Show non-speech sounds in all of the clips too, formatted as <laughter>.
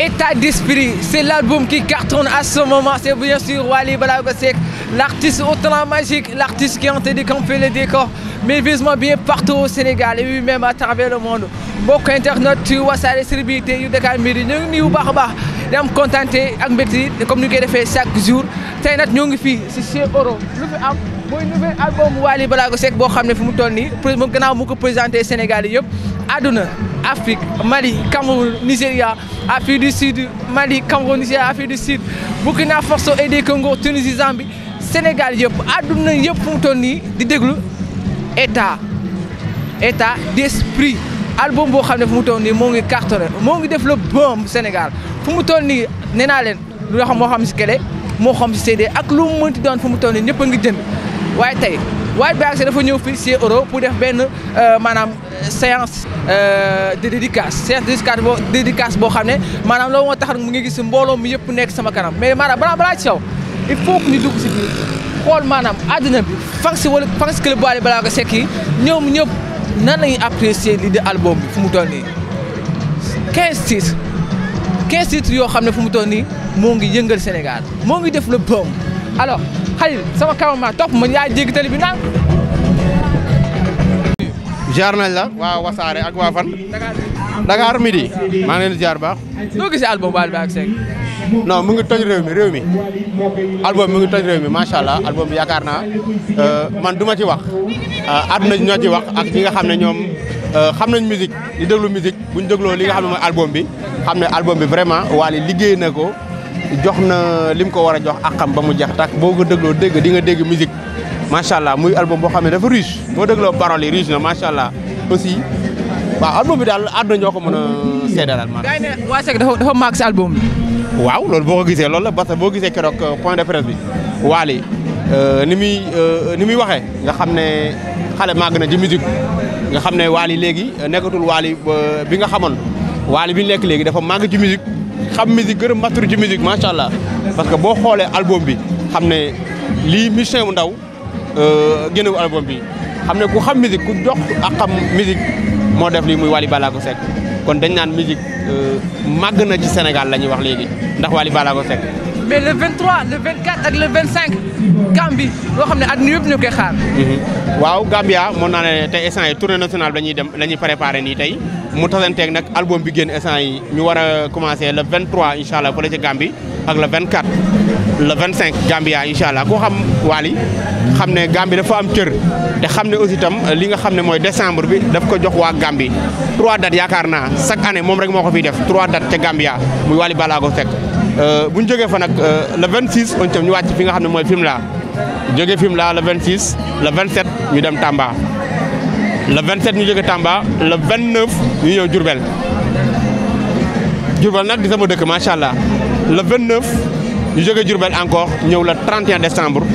État d'esprit, c'est l'album qui cartonne à ce moment. C'est bien sûr Wally Balagosek, l'artiste au talent magique, l'artiste qui a tenté de camper le décor, mais vivement bien partout au Sénégal et oui, même à travers le monde. Beaucoup d'internautes, tu vois, ça distribué, yu Dakar Midi, ñu ngi nuyu bu baax a baax di am kontaan ak mbégte comme ni ñu koy defee chaque jour tey nag ñoo ngi fii si Cheikh Oro mooy nouvel album Wally Balago Seck boo xam ne fi mu toll nii moom gannaaw mu ko présenté Sénégal yi yëpp àdduna Afrique Mali Cameroun Nigéria Afrique du Sud Mali Cameroun Nigéria Afrique du Sud Burkina Faso et des Congo Tunisie Zambie Sénégal yëpp àdduna yëpp fu mu toll nii di déglu état état d'esprit album boo xam ne fu mu toll nii moo ngi cartonné moo ngi def le boom Sénégal fu mu tol nii nee naa leen lu xam moo xam si kele moo xam si CD ak lu mu mënti doon fu mu toll nii ngi jënd. waaye tey White Bags dafa ñëw fii ci euro pour def benn euh, maanaam euh, séance euh, de dédicace séance de dédicace boo boo xam ne maanaam loo moo tax mu ngi gis mbooloo mi yëpp nekk sama kanam mais maanaam balaa balaa ci yow il faut que ñu dugg ci biir maanaam àddina bi fan si wala fan si club Wally Ballago Seck yi ñoom ñëpp nan la ñuy apprécier lii de bi fu mu toll nii 15 titres 15 titres yoo xam ne fu mu toll nii moo ngi yëngal Sénégal moo ngi def le bom. alors Khalil sama kaw ma topp ma yaa jéggi tali bi jaar nañ la waa Wasaare ak waa fan. Dakar midi maa ngi jaar baax. noo gisee album Wally Ballago Seck. non mu ngi toj réew mi réew mi album mu ngi toj réew mi macha allah album bi yaakaar naa euh, man du ma ci wax euh, àdduna ñoo ci wax ak ñi nga xam ne ñoom euh, xam nañ musique di déglu musique bu ñu dégloo li nga xam ne mooy album bi xam na album bi vraiment Wally liggéey na ko. jox na lim ko war a jox akam ba mu jeex tak boo ko dégloo dégg di nga dégg musique macha allah muy album boo xam ne dafa riche boo dégloo paroles yi na macha allah aussi waaw album bi daal àdduna ñoo ko mën a seedalal maanaam. gars dafa dafa màgg si album bi. waaw loolu boo ko gisee loolu la parce boo gisee keroog euh, point de presse bi Wally euh, ni muy euh, ni muy waxee nga xam ne xale màgg na ci musique nga xam ne Wally léegi nekkatul Wally bi nga xamoon Wally bi nekk léegi dafa màgg ci musique xam musique gën a mature ci allah parce que boo xoolee album bi xam ne lii musicien bu ndaw euh, génnewu album bi xam ne ku xam musique ku dox ak xam musique moo def lii muy Wally Ballago Seck kon dañ naan musique euh, màgg na ci Sénégal la ñuy wax léegi ndax Wally Ballago Seck. mais le 23 le ak le 25 Gambie loo xam ne àdduna yëpp ñu koy xaar. Mhm. waaw Gambia mën naa ne tey instant yi tournée dem la ñuy préparé nii tey. mu teeg nag album bi génn instant yi ñu war a commencé le 23 incha allah fële ca Gambie ak le 24 le 25 Gambia incha allah koo xam Wally xam ne gambi dafa am cër te xam ne aussi tam li nga xam ne mooy décembre bi daf ko jox waa gambi trois dates yaakaar naa chaque année moom rek moo ko fiy def trois dates ca Gambia muy Wally Ballago Seck euh, bu ñu jógee fa nag euh, le 26 on tam ñu wàcc fi nga xam ne mooy Fimela jógee Fimela le 26 le 27 ñu dem Tamba. le 27 ñu jóge Tamba le 29 ñu ñëw Diourbel Diourbel nag di sama dëkk macha allah le 29 ñu jóge Diourbel encore ñëw le 31 décembre.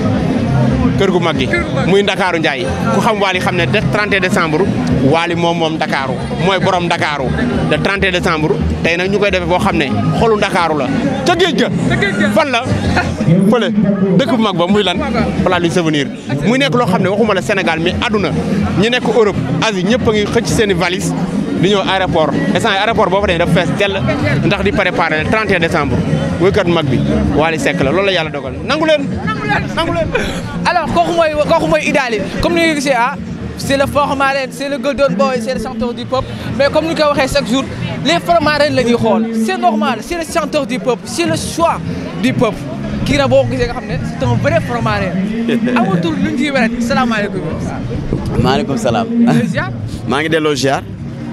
kër gu mag yi muy ndakaaru Ndiaye ku xam Wally xam ne de 31 décembre Wally moom moom ndakaaru mooy borom ndakaaru de 31 décembre tey nag ñu koy defee boo xam ne xolu ndakaaru la ca géej ga fan la fële dëkk bu mag ba muy lan Place du Souvenir muy nekk loo xam ne waxuma la senegal mi àdduna ñu nekk Europe Asie ñëpp a xëcc seen i valise di ñëw aéroport instant yi boo fa demee dafa fees dell ndax di préparer le 31 décembre wéykat mag bi Wally Seck la loolu la yàlla dogal nangu leen nangu leen alors kooku mooy kooku mooy Idali comme ni nga gisee ah c'est le formarène c'est le golden boy c'est le chanteur du peuple mais comme ni ko waxee chaque jour les formarènes la ñuy xool c'est normal c'est le chanteur du peuple c'est le choix du peuple kii boo ko gisee ne c'est un vrai formarène amatul lu ñu ciy wéret maa ngi delloo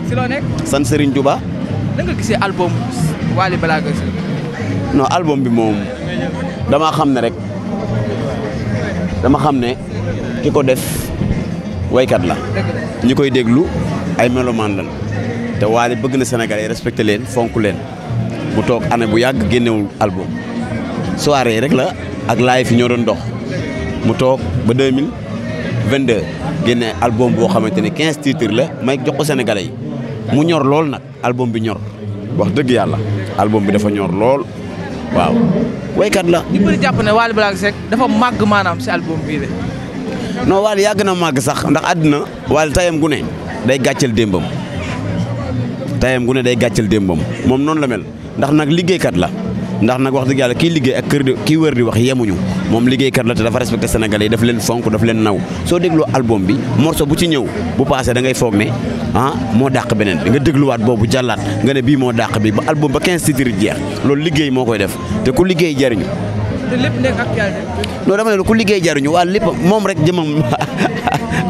si loo nekk. sant Serigne Touba. na nga gisee album Wally bi moom dama xam ne rek dama xam ne ki ko def waykat la. ñi koy déglu ay melomaan la te Wally bëgg na Sénégalais respecté leen fonk leen mu toog année bu yàgg génnewul album soirée rek la ak laay fi ñoo doon dox mu toog ba 2022 génne album boo xamante ne 15 titres la may jox ko Sénégalais yi. mu ñor lool nag album bi ñor wax dëgg yàlla album bi dafa ñor lool waaw. waykat la. ñu bëri jàpp ne Wally Ballago Seck dafa màgg maanaam si album bii de. non Wally yàgg na màgg sax ndax àddina Wally tayam gu ne day gàcceel démbam tayam gu ne day gàcceel démbam moom noonu la mel ndax nag liggéeykat la. ndax nag wax dëgg kii liggéey ak kër kii wër di wax yemuñu moom liggéey liggéeykat la te dafa respecté sénégalais yi leen fonk daf leen naw soo dégloo album bi morceau bu ci ñëw bu passé da ngay foog ne ah moo dàq beneen bi nga dégluwaat boobu jàllaat nga ne bii moo dax bi ba album ba 15 titres jeex loolu liggéey moo koy def te ku liggéey jariñu te lépp nekk actualité. ku liggéey jariñu waa lépp moom rek jëmmam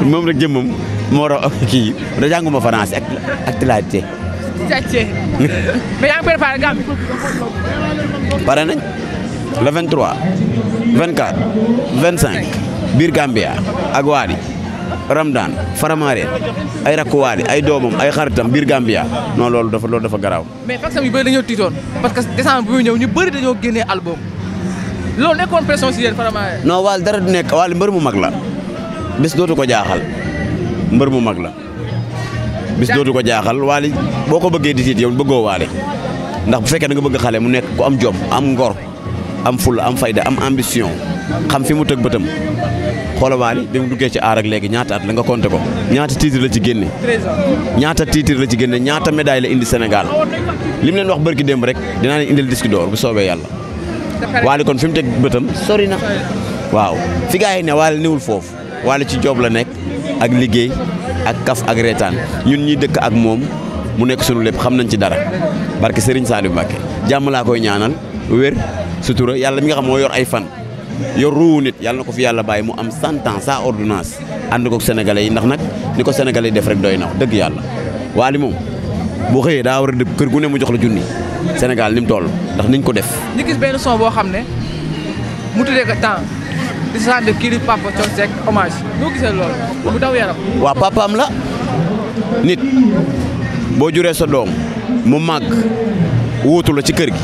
<laughs> moom rek jëmmam moo raw kii da jànguma France ak actualité. sàccee mais yaa ngi préparé Gambie. pare nañ le 23 24 25 biir Gambia ak waadi Ramadan Faramareen ay rakku waadi ay doomam ay xaritam biir Gambia noo loolu dafa loolu dafa garaaw. mais fekk yu bëri dañoo tiitoon parce que décembre bu muy ñëw ñu bëri dañoo génnee album loolu nekkoon pression si yéen Faramareen. waal dara du nekk waal mbër mu mag la bés dootu ko jaaxal mbër mu mag la. bis dootu ko jaaxal waali boo ko bëggee di tiit yow bëggoo waali ndax bu fekkee da nga bëgg xale mu nekk ko am jom am ngor am fulla am fayda am ambition xam fi mu tëg bëtam xoola waali bi mu duggee ci aar ak léegi ñaata at la nga compté ko ñaata titre la ci génne ñaata titre la ci génne ñaata médaille la indi Sénégal li mu leen wax bërki démb rek dinaa leen indil disque d'or bu soobee yàlla waali kon fi mu teg bëtam sori na waaw fi gaa yi ne waali newul foofu waali ci joob la nekk ak liggéey ak kaf ak reetaan ñun ñi dëkk ak moom mu nekk sunu lépp xam nañ ci dara barke Serigne Saliou Mbacké jàmm laa koy ñaanal wér sutura yàlla mi nga xam moo yor ay fan yor ruu nit yàlla na ko fi yàlla bàyyi mu am cent ans sans ordonnance ànd ko sénégalais yi ndax nag ni ko sénégalais yi def rek doy na wax dëgg yàlla waali moom boo xëyee daa war a dëpp kër gu ne mu jox la junni Sénégal ni mu toll ndax niñ ko def. ñu gis benn son boo xam ne mu tuddee ko temps di sant kii di Papa Thione Seck hommage boo bu daw yaram. waaw papaam la nit boo juree sa doom mu màgg wuutu la ci kër gi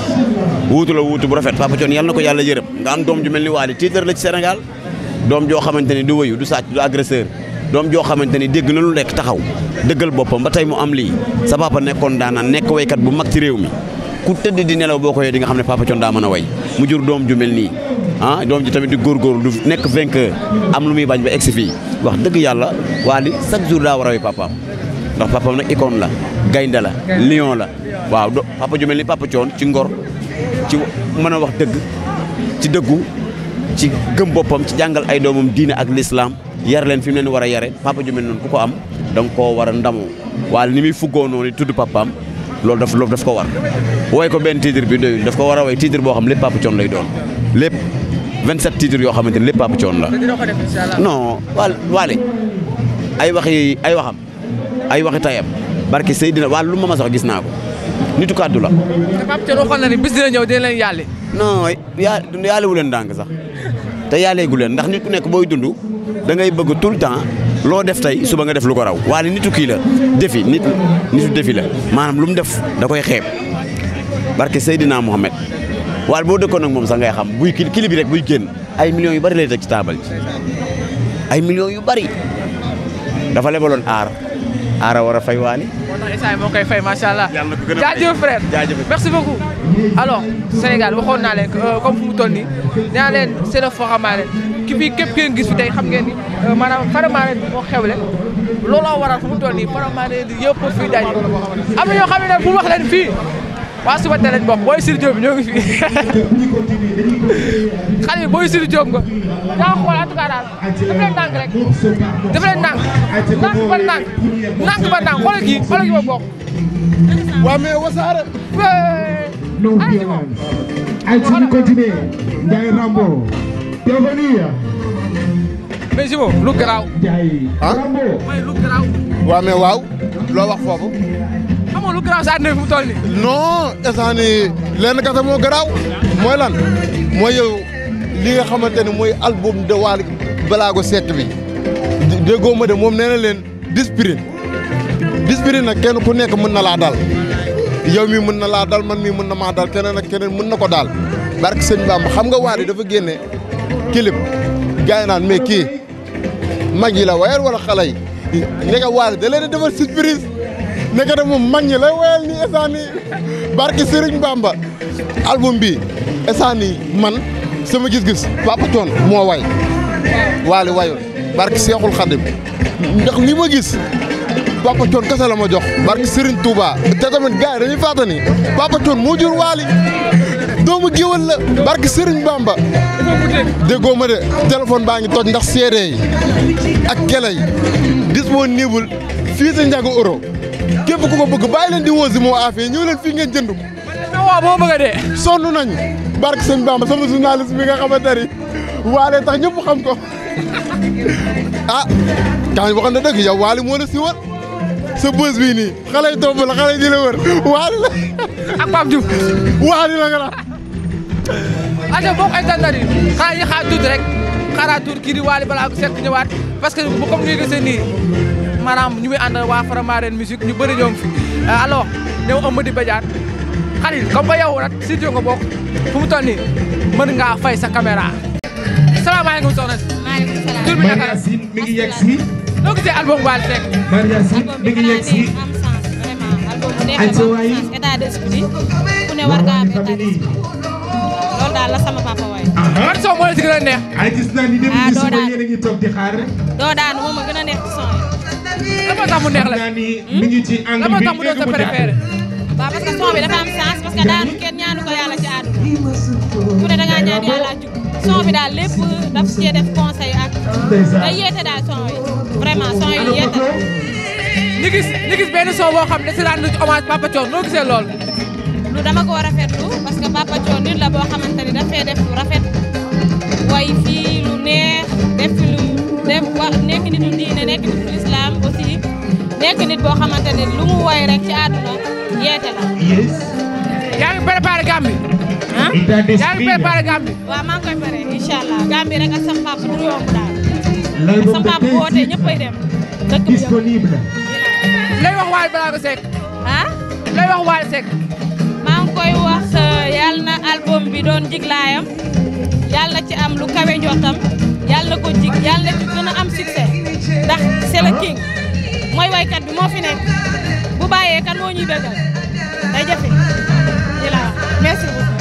wuutu la wuutu bu rafet Papa Thione yal na ko yàlla yërëm nga am doom ju mel ni Wally tiitar la ci Sénégal doom joo xamante ni du wëyu du sàcc du agresseur doom joo xamante ni dégg na lu nekk taxaw dëggal boppam ba tey mu am lii sa papa nekkoon daanaan nekk waykat bu mag ci réew mi ku tëdd di nelaw boo ko yee di nga xam ne Papa Thione daa mën a way mu jur doom ju nii ah doom ji tamit di góor góor du nekk vainqueur am lu muy bañ ba egsi fii wax dëgg yàlla Wally chaque jour daa war a ndax papaam nag ikoon la gaynde la lion la waaw do papa ju mel ni papa ci ngor ci mën a wax dëgg ci dëggu ci gëm boppam ci jàngal ay doomam diine ak lislaam yare leen fi mu leen war a yare papa ju mel noonu ku ko am da koo war a ndamoo Wally ni muy fuggoo noonu tudd papaam loolu daf loolu daf ko war wooy ko benn titre bi doyul war a wooy boo xam lépp papa coon lay doon lépp 27 titres yoo xamante ne lépp Papa Thione la. non waa waale ay waxi ay waxam ay waxi tayam barke Seydina waa lu ma ma sax gis naa ko nitu kàddu la. te Papa Thione waxoon na ni bis dina ñëw dina leen yàlle. non leen ndànk sax te yàlleegu leen ndax nit ku nekk booy dund da ngay bëgg tout le temps. loo def tey suba nga def lu ko raw waale nitu kii la defi nit defi la maanaam lu mu def da koy xeeb barke Seydina Mohamed waaye boo dëkkoon ak moom sax ngay xam buy bi rek buy génn ay millions yu bari lay teg ci ay millions yu bari dafa lebaloon aar aara a fay waani. moo tax Issa moo fay macha allah. yàlla na ko gën a jaajëf frère euh, fu mu toll nii naa leen c'est le forum leen ki fii képp ngeen gis fi tey xam ngeen ni euh, maanaam faramaare bi moo xewle looloo waral fu mu toll nii faramaare yëpp fii daje am ñoo xam ne nag bu wax waa suba teel lañ bokk booy Sidy Diop fi <laughs> xale bi booy Sidy Diop nga. daa xool en tout cas daal daf leen ndànk rek daf leen ndànk ndànk ba waa mais wasaare. allé moom. ay si lu garaaw. ah. mooy waa mais waaw loo wax foofu. amoo lu garaaw saa ne fu mu toll nii. non moo garaaw mooy lan mooy yow li nga xamante ne mooy album de Wally Ballago Seck bi déggoo ma de moom nee na leen discipline discipline nag kenn ku nekk mën na laa dal yow mi mën na laa dal man mi mën na maa dal keneen ak keneen mën na ko daal barke sëñ Bamba xam nga Wally dafa génne clip gars yi naan mais kii mag yi la wayal wala xale yi ne nga nekkate moom mag ñi lay woyal ni instant ni barki Serigne Bamba album bi instant ni man sama gis-gis Papa Thione moo way waali wayul barki Seexul Xadim ndax li ma gis Papa Thione kese la ma jox barki Serigne Touba te tamit gars yi dañuy fàttali ni moo jur waali doomu géwal la barki Serigne Bamba déggoo ma de téléphone baa ngi toj ndax seede yi ak kele yi disponible fii sa njagu euro képp ku ko bëgg bàyyi leen di woosi moo affaire ñëw leen fii ngeen jënd ko. waaw boo bëgg a dee. sonn nañu barke sëñ Bamba sama journaliste bi nga xamante ni waale tax ñëpp xam ko ah kañ waxoon na dëgg yow waale moo la si wër sa bës bii nii xale yi tomb la xale yi di wër waale la. ak Pape Diouf. waale la nga la. rajo koy tànnari xaar yi xaar tuuti rek xaaraa tuuti kii di waale balaa ko sekk ñëwaat parce que bu comme ni nga nii. maanaam ñu ngi àndal waa Faramaren musique ñu bëri ñoo ngi fi euh, alors ñëw Amady Badiane Khalil comme que yow nag studio nga bokk fu mu toll nii sa caméra. salaamaaleykum soxna si. maaleykum salaam tur bi naka la mi ngi yegg si. noo gisee album Wally Seck. Mariasine mi ngi yegg si. ayca état daal la sama papa waay. man ah, ah. soo moo la si a neex. Ah, a doo daan moom a a neex ci son la moo tax mu neex la la moo tax mu doon sa préféré. waaw parce que son bi dafa am sens parce que daanu kenn ñaanu ko yàlla ci àdduna ku ne da ngaa ñaan yàlla jug son bi daal lépp daf cee def conseil ak day yeete daal son yi vraiment son yi yeete la. ñu gis ñu gis benn son boo xam ne si rendu hommage Papa Thione noo gisee lool. lu dama ko rafetlu parce que Papa Thione nit la boo xamante ni dafay def lu rafet way fii lu neex def fi lu. def wax nekk nitu diine nekk nitu lislaam aussi nekk nit boo xamante lu mu woy rek ci àdduna yeete la. yaa ngi préparé Gambie. ah yaa ngi préparé Gambie. waaw maa ngi koy pare allah Gambie rek ak sa papa du yomb daal. sa papa bu wootee ñëppay dem dëkk bi disponible. lay wax Waly Ballago maa ngi wax euh, yàlla album bi doon jiglaayam yàlla ci am lu kawe njottam. yàlla na ko jig yàlla na ci a am succès ndax c'est le mooy waykat bi moo fi nekk bu bàyyee kan moo ñuy bégal day jafe li la wax